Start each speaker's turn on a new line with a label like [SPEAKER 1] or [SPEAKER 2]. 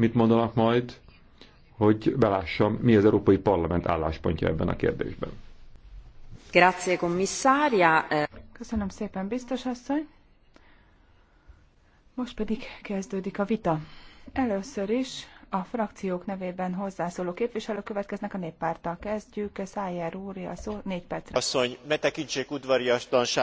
[SPEAKER 1] mit mondanak majd, hogy belássam, mi az Európai Parlament álláspontja ebben a
[SPEAKER 2] kérdésben.
[SPEAKER 3] Grazie, commissaria. Köszönöm szépen, biztos
[SPEAKER 4] asszony. Most pedig kezdődik a vita. Először is a frakciók nevében hozzászóló képviselők következnek a néppárttal. Kezdjük, Szájer úr, a szó négy percre.
[SPEAKER 5] Asszony, ne tekintsék udvariatlanság